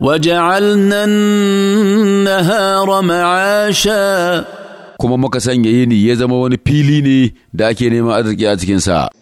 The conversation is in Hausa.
وجعلنا النهار معاشا kuma muka sanya yini ya zama wani fili ne da ake neman arziki a cikinsa.